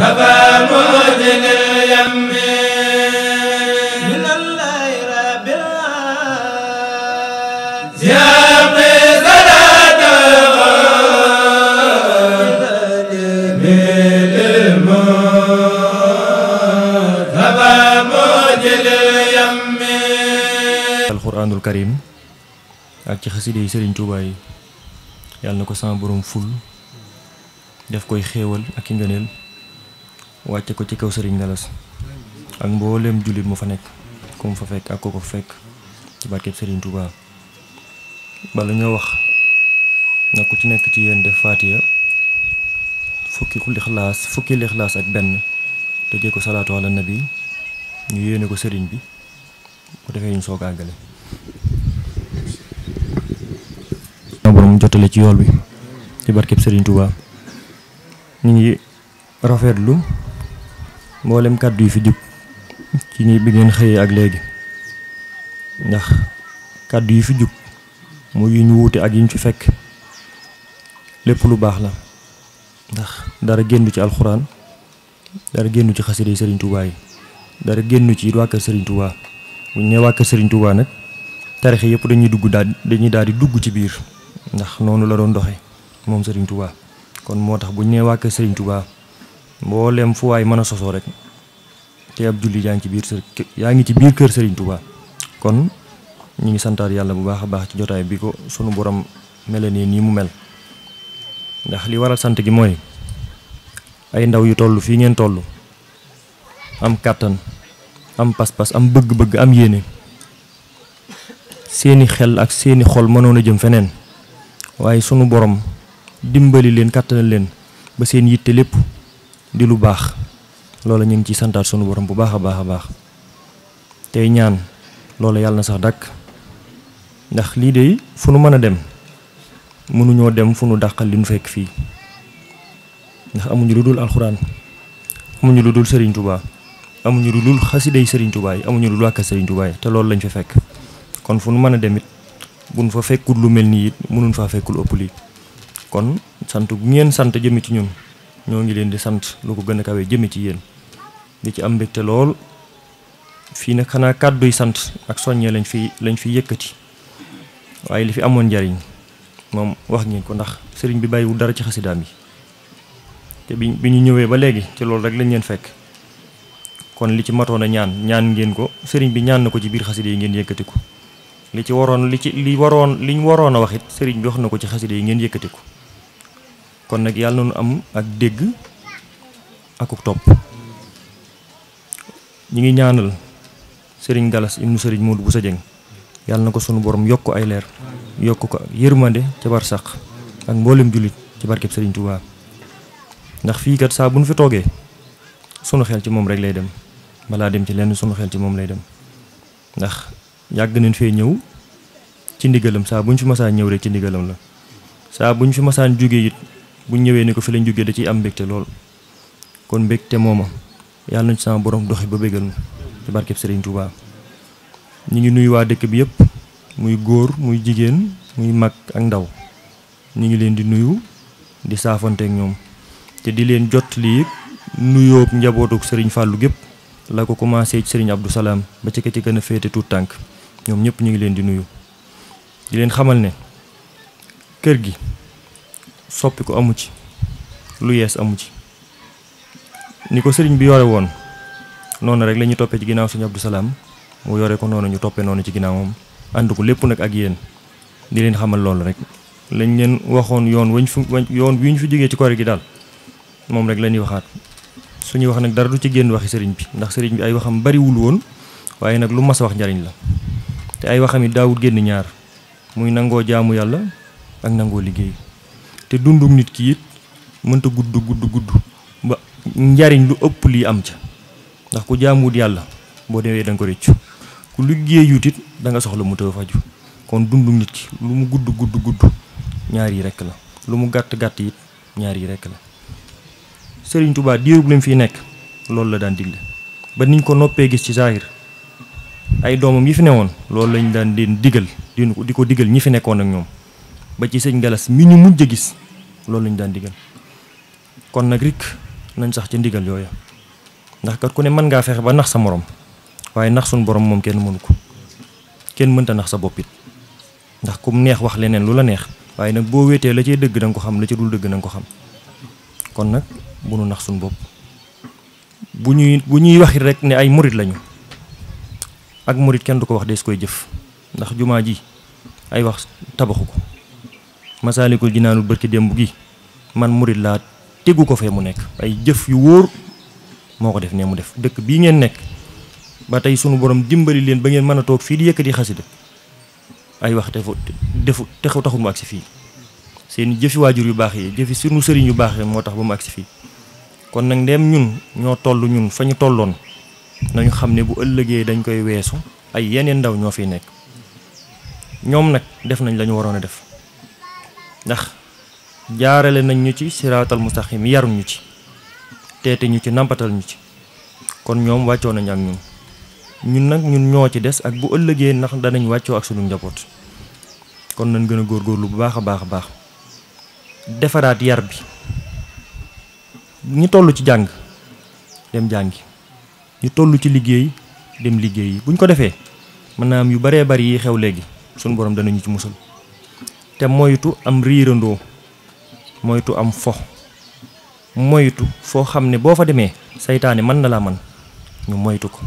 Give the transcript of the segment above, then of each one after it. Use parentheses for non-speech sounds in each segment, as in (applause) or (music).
كفى مدن اليم من الليل بالله زياقي صلاة من الموت كفى مدن اليم القرآن الكريم ak ci xaside yi Serigne Touba yi yàlla na ko sama borom ful def koy xéewal ak i ngëneel wacce ko ci kaw serigne Galas ak mbollem julit mu fa nek kum fa fek ak ko fek ci barke serigne Touba bala ñoo wax na ku ci nek ci yeen def fatia fukki fukki ak ko salatu ala nabi ñu yéene ko serigne bi ko defé ñu soga galé borom jotale ci yool bi ci barke serigne Touba ñi rafetlu mboolem kàddu yi fi jub ci ni bi ngeen xëyee ak léegi ndax kàddu yi fi jub mu yu ñu wuute ak yi ñu ci fekk lépp lu baax la ndax dara génn ci alxuraan dara génn ci xasida yi Serigne Touba yi dara génn ci waa kër Serigne Touba bu ñu nee waa kër Serigne nag tarix yëpp dañuy dugg daal dañuy daal di dugg ci biir ndax noonu la doon doxe moom sëriñ Touba kon moo tax bu ñu nee waa kër Serigne mboolem fu way meuna soso rek te ab julli yaa ci biir sër yaangi ci biir keur Serigne Touba kon ñi ngi santar yalla bu baax baax ci jotay bi ko sunu borom melene ni mu mel ndax li waral sante gi moy ay ndaw yu tollu fi ngeen tollu am katan am pas-pas am bëgg-bëgg am yene, seeni xel ak seeni xol mënonu jëm fenen waye sunu borom dimbali len katan len ba seen yitte lepp di lu bax lolé ñing ci santat sunu borom bu baaxa baaxa baax tay tey ñaan lolé yalla na sax dak ndax li de fu nu mëna dem dem ñoo dem fu nu dàqal li nu fekk fi ndax amuñu lu dul alxuraan amuñu lu dul sëriñ tubaa amuñu lu dul xasiday sëriñ tubaa yi amuñu luddul dul serigne touba yi lañ fa fekk kon fu nu mëna dem it buñ fa fekkul lu melni it mënuñ fa fekkul ëpp kon sant bu ngeen sant jëmi ci ñun ñoo ngi leen di sant lu ko gën a kawee jëme ci yéen li ci am mbégte lool fii nag xanaa kàdduy sant ak soññee lañ fi lañ fi yëkkati waaye li fi amoon njariñ moom wax ngeen ko ndax sëriñ bi bàyyiwul dara ci xasidaam yi te bi bi ñu ñëwee ba léegi ci loolu rek lañ leen fekk kon li ci matoon a ñaan ñaan ngeen ko sëriñ bi ñaan na ko ci biir xasida yi ngeen yëkkati ko li ci waroon li ci li waroon li ñu waroon a wax it sëriñ bi wax na ko ci xasida yi ngeen yëkkati kon nag yàlla na ñu am ak dégg ak topp ñi ngi ñaanal sëriñ Galas ibnu sëriñ Modou sa Dieng yàlla na ko sunu boroom yokk ay leer yokk ko yërmande ca barsàq ak mboolem jullit ci barkeb sëriñ Touba ndax fii kat saa bu nu fi toogee sunu xel ci moom rek lay dem balaa dem ci lenn sunu xel ci moom lay dem ndax yàgg nañ fee ñëw ci ndigalam saa bu ñu fi masaan ñëw rek ci ndigalam la saa bu ñu fi masaan jógee it buñ ñëwee ni ko fi lañ jógee da ciy am mbégte lool kon mbégte mooma yàlla nañ ci sama borom doxi ba bégal nu ci barkeb Serigne Touba ñu ngi nuyu waa dëkk bi yëpp muy góor muy jigéen muy mag ak ndaw ñu ngi leen di nuyu di saafante ñoom te di leen jot lii nuyoo njabootuk sëriñ Fallou gépp la ko commencé ci Serigne Abdou Salaam ba ci ka ci gën tànk ñoom ñëpp ñu ngi leen di nuyu di leen xamal ne kër gi soppi ko amu ci lu yes amu ci ni ko serigne bi yore won non rek lañu topé ci ginaaw serigne abdou salam mu yore ko noonu ñu topé noonu ci ginnaawam ànd ko lepp nak ak yeen di leen xamal lool rek lañ leen waxon yoon wañ fu yoon wiñ fu jige ci koor gi dal mom rek lañ wax nak dara du ci genn waxi serigne bi ndax serigne bi ay waxam wul won waye nak lu mas wax njariñ la te ay waxam it daawut génn ñaar muy nango jaamu yalla ak nango liggéey te dundum nit ki it mënta gudd gudd gudd ba njariñ lu ëpp li am ca ndax ku jaamut yàlla boo demee da nga ko rëccu ku liggéeyut it da nga soxla mu tëw faju kon dundum nit ki lu mu gudd gudd gudd ñaar yi rek la lu mu gàtt gàtt it ñaar yi rek la Serigne Touba diiru bu fi nekk loolu la daan digle ba niñ ko noppee gis ci zahir ay doomam yi fi newoon loolu lañ daan leen digal ko di ko digal ñi fi nekkoon ak ñoom ba ci señ galas mi ñu mujj a gis loolu lañu daan digal kon nag rik nañ sax ci ndigal yooya ndax kat ku ne mën ngaa fexe ba nax sa morom waaye nax sun borom moom kenn mënu ko kenn mënta nax sa bopp ndax kum neex wax leneen lu la neex waaye nag boo wéetee la cay dëgg da nga ko xam la ci dul dëgg ko xam kon nag bu nax sun bopp bu ñuy bu ñuy waxit rek ne ay murit lañu ak murit kenn du ko wax des koy jëf ndax jumaa ji ay wax tabaxu masaliku jinanul barki dembu gi man murit la teggu ko fe mu nek ay jëf yu wor moko def ne mu def dekk bi ngeen nek ba tay sunu borom dimbali len ba ngeen meuna tok fi di yekati khassida ay wax defu defu texu taxu mu agsi fi seen jëfi wajur yu bax yi jëfi sunu serign yu bax yi moo tax ba mu agsi fii kon nak ndeem ñun ño tollu ñun fañu tollon nañu xamne bu ëllëgé dañ koy ay yeneen ndaw ño fi nek ñom nak def nañ lañu warona def ndax jaarale nañ ñu ci siratal mustaqim yar ñu ci teete ñu ci nampatal ñu ci kon ñoom wàccoo nañ ak ñun ñun nak ñun ñoo ci des ak bu nak da nañ wàccoo ak suñu njabot kon nañ guna gur-gur bu baaxa a baax baax defaraat yar bi ñi tollu ci jang dem jang ñu tollu ci liggéey dem liggéey buñ ko defee manam yu baree bari xew léegi sun borom danañu ci musul te moytu am riirandoo moytu am fo moytu foo xam ne boo fa demee seytaane mën na laa man ñu moytu ko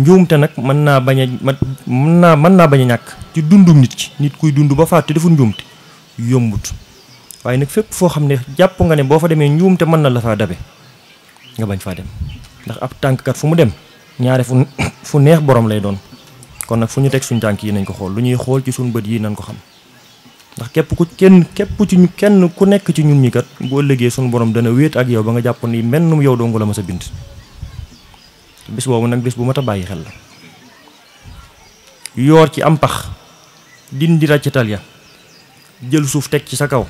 njuumte nag mën naa bañ a mën naa mën naa bañ a ñàkk ci dundum nit ki nit kuy dund ba faat te deful njuumte yombut waaye nag fépp foo xam ne jàpp nga ne boo fa demee njuumte mën na la faa dabe nga bañ faa dem ndax ab tànkkat fu mu dem ñaare fu (coughs) fu neex borom lay doon kon nag fu ñu teg suñ tànk yi nañ ko xool lu ñuy xool ci suñ bët yi nañ ko xam ndax képp ku kenn képp ci ñu kenn ku nekk ci ñun ñi kat boo liggéey sunu borom dana wéet ak yow ba nga jàpp ni mennum yow dongu la ma sa bind bis boobu nag bis bu mata a bàyyi xel la yoor ci am pax dindi ràccital ya jël suuf teg ci sa kaw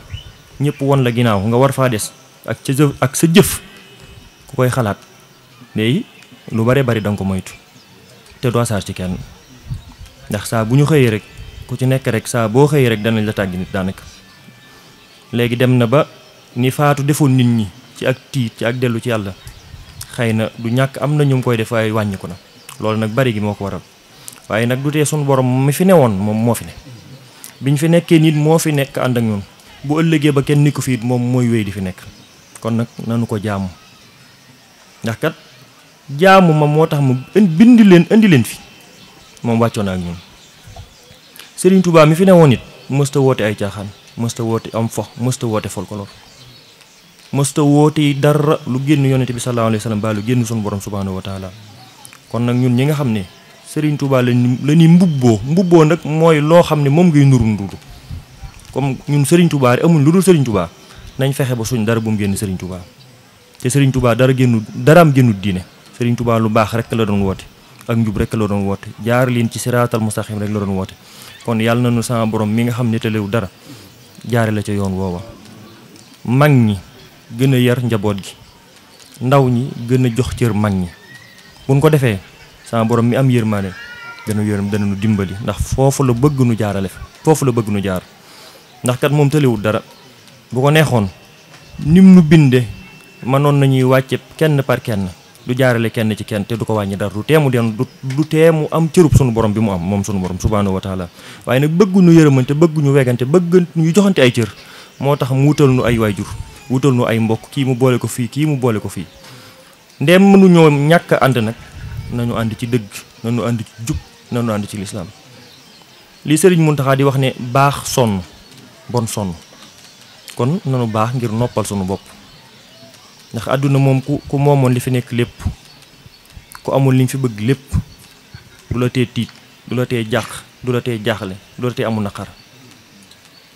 ñëpp won la ginaaw nga war faa des ak sa jëf ak sa jëf ku koy xalaat léegi lu bare bari danga ko moytu te doo saar ci kenn ndax saa bu ñu xëyee rek ku ci nekk rek saa boo rek danil la tàggi nit daanaka léegi dem na ba ni faatu defoon nit ñi ci ak tiit ci ak dellu ci yàlla xëy na du ñàkk am na ñu koy def waaye ko na loolu nag bari gi moo ko waral waaye nag du tee sun borom mi fi newoon moom moo fi ne biñ fi nekkee nit moo fi nekk ànd ak ñun bu ëllëgee ba kenn ni ko fii moom mooy di fi nekk kon nag nanu ko jaamu ndax kat jaamu ma moo mu bind leen indi leen fi moom wàccoon ak ñun serigne touba mi fi newon nit musta wote ay tiaxan musta wote am fo musta wote folklore musta wote dar lu genn yonnati bi sallallahu alayhi wasallam ba lu genn sun borom subhanahu wa ta'ala kon nak ñun ñi nga xamne serigne touba ni mbubbo mbubbo nak moy lo xamne mom ngay nuru nuru comme ñun serigne touba amul ludul serigne touba nañ fexé ba suñ dara bu mu genn serigne touba té serigne touba dara gennu daram gennu diiné serigne touba lu bax rek la doon wote ak njub rek la doon wote jaar leen ci siratal mustaqim rek la doon wote kon yàlla na nu sama borom mi nga xam ne tëlewu dara jaare la ca yoon woowa mag ñi gën a yar njaboot gi ndaw ñi gën a jox cër mag ñi buñ ko defee sama borom mi am yërmaane dana yërëm dana nu dimbali ndax foofu la bëgg nu jaarale foofu la bëgg nu jaar ndax kat moom tëlewul dara bu ko neexoon nim nu binde mënoon nañuy wàcce kenn par kenn du jaarale kenn ci kenn te du ko wañi dara du den du temu am am rub sunu borom bi mu am mom sunu borom subhanahu wa taala waaye ñu bëgguñu yërëmante ñu wegante bëgg ñu joxante ay ciir motax mu wutal nu ay waajur wutal nu ay mbokk kii mu boole ko fi kii mu boole ko fi ndem mënu ñoo a and nak nañu and ci dëgg nañu and ci juk nañu and ci l'islam li serigne muntaha di wax ne baax son bon son kon nanu baax ngir noppal sunu bopp ndax aduna mom ku ku momon li fi nek lepp ku amul liñ fi bëgg lepp du la tee tit du la tee jax du la nak jaxlé du la tee amul nakar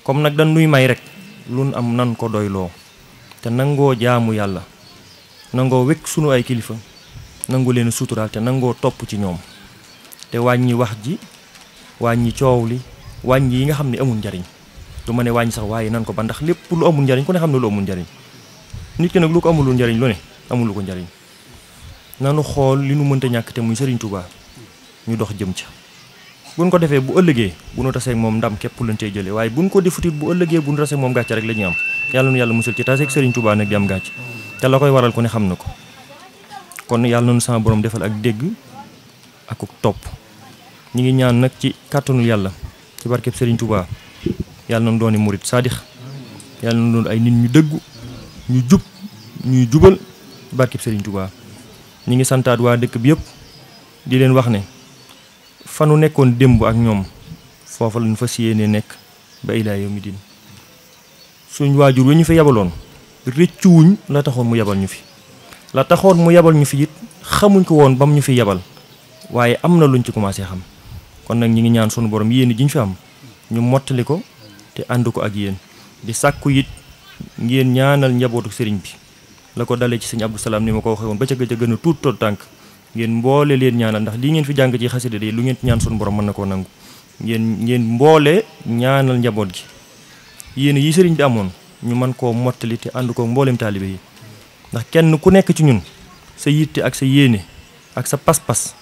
comme nak dañ nuy may rek lun am nan ko doylo te nango jaamu yalla nango wekk sunu ay kilifa nango leen sutural te nango top ci ñom te wañi wax ji wañi ciowli wañi yi nga xamni ne amul njariñ du mané wañi sax waaye nan ko ba ndax lepp lu amul njariñ ku ne xam lu amul nit ki nak lu ko lu ndariñ lu ne amul lu ko ndariñ nanu xol li nu mënta ñak te muy Serigne Touba ñu dox jëm ci buñ ko défé bu ëllëgé bu nu ak mom ndam képp lu cey jëlé waye buñ ko defutit bu ëllëgé bu nu taseeg moom gàcce rek lañu am yalla nu yalla musal ci ak Serigne Touba nak di am gatch té la koy waral ku ne xamnako kon yalla nu sama borom defal ak dégg ak top ñi ngi ñaan nak ci kàttanu yalla ci barké Serigne Touba yàlla nañu dooni murit sadikh yalla nu doon ay nit ñu dëggu ñu jub ñuy jubal barkib Serigne Touba ñi ngi santaat waa dëkk bi yëpp di leen wax ne fanu nekkoon démb ak ñoom foofa lañ fas yéene nekk ba yow yawmi din suñ waajur wi ñu fi yabaloon rëccuwuñ la taxoon mu yabal ñu fi la taxoon mu yabal ñu fi it xamuñ ko woon bam ñu fi yabal waaye am na luñ ci commencé xam kon nag ñi ngi ñaan sunu borom yéen ji ñu fi am ñu mottali ko te ànd ko ak yéen di sàkku it ngeen ñaanal njabootu sëriñ bi la ko dalee ci sëñ abdou salam ni mako ko won ba ca gëj a gën tout tuut tot tànk ngeen mboole leen ñaanal ndax li ngeen fi jang ci xasida day lu ngeen ñaan sun borom man nako koo nangu ngeen ngeen mboole ñaanal njaboot gi yéen yi sëriñ bi amoon ñu man ko mottali te ànd koo mboolem taalibe yi ndax kenn ku nekk ci ñun sa yitté ak sa yéene ak sa pas-pas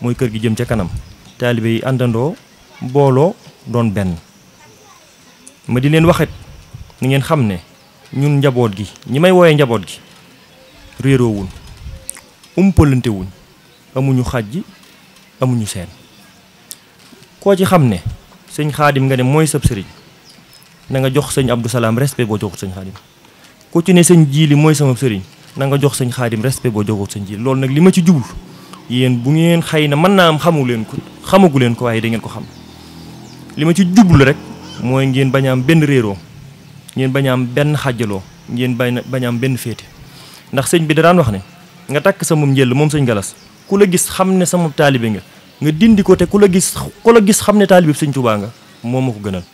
moy kër gi jëm ci kanam taalibe yi andando mbolo doon ben ma di leen waxet ni ngeen xamne ñun njaboot gi ñi may woowee njaboot gi réeroo wuñ umpalante wuñ amuñu xàjj amuñu seen koo ci xam ne sëñ xaadim nga ne mooy sab sëriñ nanga jox sëñ Abdou Salaam respect boo joxut sañ xaadim ku ci ne sëñ jiili mooy sama sëriñ na nga jox sañ xaadim respect boo joxut sañ jiili loolu nag li ma ci jublu yéen bu ngeen xëy na mën naa am xamu leen ko xamagu leen ko waaye dangeen ko xam li ma ci jublu rek mooy ngeen bañ a am benn réeroo ngeen bañ am ben xajlo ngeen bañ am ben fete ndax señ bi daan wax ne nga tak sa mum jël mom señ galas ku la gis xamne sa sama talib nga nga dindi ko te ku la gis ku la gis xamne talib señ sëñ nga momako gënal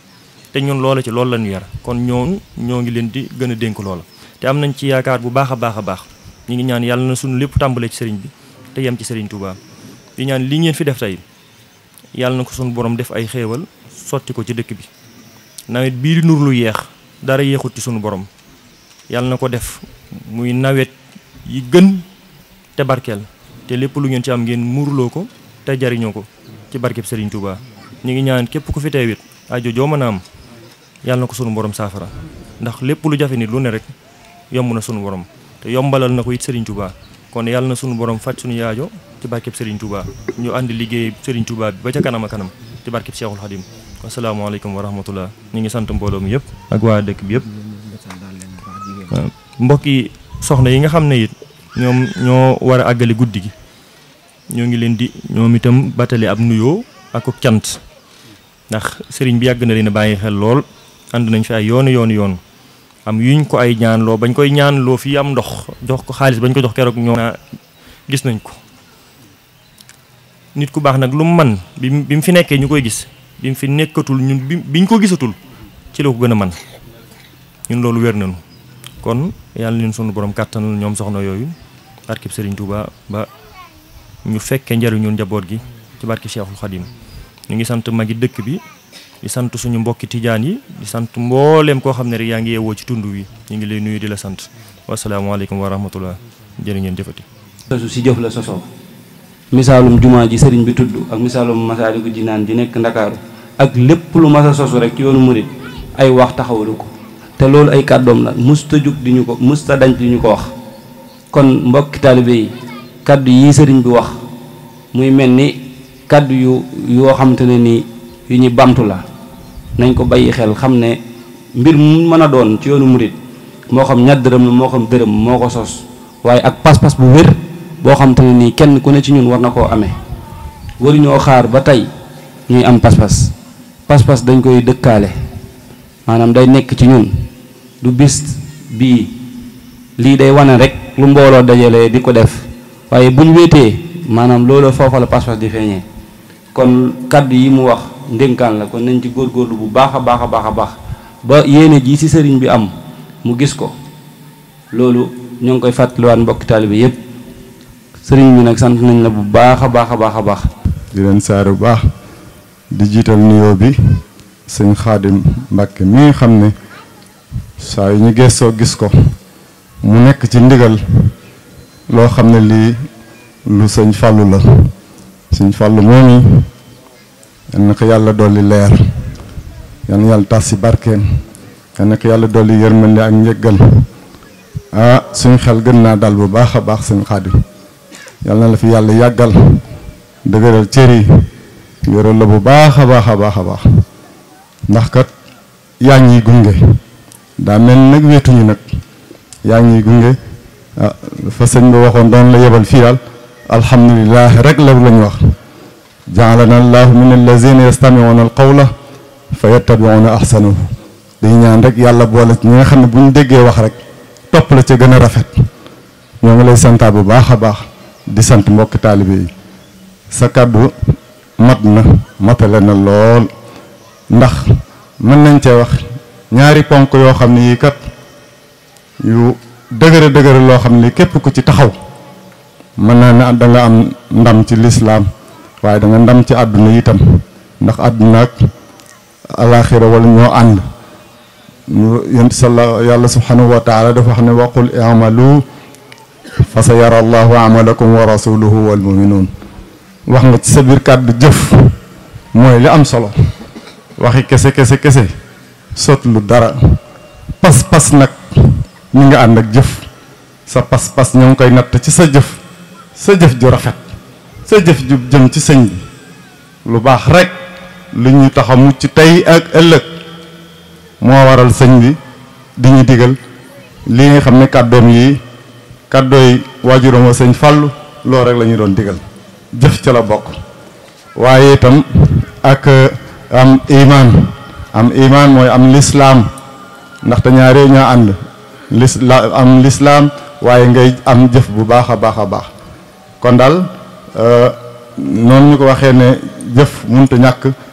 te ñun loolu ci loolu lañu yar kon ñoon ñoo ngi leen di gëna denk loolu te am nañ ci yaakaar bu baaxa baaxa baax ñi ngi ñaan yalla na suñu lepp tambalé ci señ bi te yam ci señ Tuubaa di ñaan li ngeen fi def tay yalla na ko suñu borom def ay xéewal soti ko ci dëkk bi nawet bi di yeex dara yéexut ci sunu borom yalla nako def muy nawet yi gën te barkel te lepp lu ngeen ci am ngeen murlo ko te jariñoo ko ci barke Serigne Touba ñi ngi ñaan kep ku fi teewit ajo joma mën a nako sunu borom safara ndax lepp lu jafe lu ne rek yomb na sunu borom te yombalal nako it Serigne Touba kon yalla na sunu borom fat sunu yaajo ci barke Serigne Touba ñu andi liggéey Serigne Touba bi ba ca kanam a kanam ci barke Cheikhul Khadim Assalamualaikum warahmatullah. rahmatullah ñu ngi sant mbooloo mi Mboki ak wa dekk bi yëpp mbokki soxna yi nga xam ne ñom ño wara agali ngi leen di ñom itam batali ab nuyo ak cant ndax serigne bi yag na leen baye xel lool and nañ fi ay yoon yoon yoon am yuñ ko ay ñaan lo bañ koy ñaan lo fi am ndox dox ko xaaliss bañ ko jox keroog ñoo gis nañ ko nit ku bim nak lu man bim fi nekké ñukoy gis bim fi nekkatul ñun biñ ko gisatul ci la ko gëna man ñun loolu wër nañu kon yalla ñun sunu borom kàttanul ñom soxna yoyu barki Serigne Touba ba ñu fekke ñun njaboot gi ci barki Cheikhul Khadim ñu ngi sant magi dekk bi di sant suñu mbokki tijaan yi di sant mbollem ko xamne ne rek yaa ci tundu wi ñu ngi lay nuyu di la sant alaykum wa rahmatullah jeri ngeen defati si jëf la misalum juma ji sëriñ bi tuddu ak misaalum masaaliku jinan di nek ndakaaru ak lepp lu massa sosu rek ci yoonu murit ay wax taxawuluko te lol ay kaddom la mustajuk diñu ko musta dañ di ko wax kon mbokki talibey kaddu yi sëriñ bi wax muy melni kaddu yu yo xamantene ni yu ñi bamtu la nañ ko bayyi xel xamne ne mbir mu mën doon ci yoonu murit mo xam ñaat dërëm la xam moko sos waye ak pas-pas bu boo xam te ne nii kenn ku ne ci ñun war na koo amee waruñoo xaar ba tey ñuy am pas-pas pas dañ koy dëkkaale maanaam day nekk ci ñun du bis bii lii day wane rek lu mbooloo dajalee di ko def waaye buñ wéetee maanaam loolu foofa la pas-pas di feeñee kon kaddu yi mu wax ndénkaan la kon nañ ci góor góorlu bu baax a baax a baax a baax ba yéene ji ci sëriñ bi am mu gis ko loolu ñoo ngi koy fàttaliwaat mbokki taalibe yépp Sering bi nak sant nañ la bu baakha baakha baakha baax di len saar bu baax di jiital nuyoo bi serigne khadim mbàkke mi xamne sa ñu gesso gis ko mu nek ci ndigal lo xamne li lu serigne fallu la serigne fallu momi en ko yalla doli leer yan na tassi tas en ko yalla doli yërmande ak njëggal ah suñ xel gën dal bu baax yal na la fi yàlla yàggal dëgëral cër yi yoral la bu baax a baax a baax a baax ndax kat yaa ngi gunge daa mel nag weetuñu nag yaa ngi gunge ah fa sëñ ba waxoon doon la yebal fii daal alhamdulilah rek la lañu wax jaalana allahu min allazina yastamiuna alqawla fa yattabiuna ahsanahu dañu ñaan rek yàlla boole ñi nga xam ne bu ñu déggee wax rek topp la ca gën a rafet ñoo ngi lay santaa bu baax a baax di sant mbokk talibé sa kaddu matna na na lol ndax man nañ ci wax ñaari ponk yo xamni kat yu deugere deugere lo xamni ne képp ku ci taxaw man naa ne da nga am ndam ci l'islam waye da nga ndam ci aduna itam ndax aduna ak al-akhirah wala ñoo ànd yent sala yalla subhanahu wa taala dafa xamni ne waqul imalu fa sa yara allahu amalakum wa rasuluhu wal muminuun wax nga ci sa biir kàddu jëf mooy li am solo waxi kese kese kese sot lu dara pas-pas nag mi nga ànd ak jëf sa pas-pas ñoo ngi koy natt ci sa jëf sa jëf ju rafet sa jëf ju jëm ci sëñ bi lu baax rek lu ñu taxamu ci tey ak ëllëg moo waral sëñ bi di ñu digal li nga xam ne kàddoom yi kàddooy waajuramo wa sëñ fàllu loolu rek la ñu doon digal jëf ca la bokk waaye itam ak uh, am imaan am imaan mooy am lislaam ndaxte ñaaree ñoo ànd lisla am lislaam waaye ngay am jëf bu baax a baax a baax kon daal uh, noonu ñu ko waxee ne jëf mënut ñàkk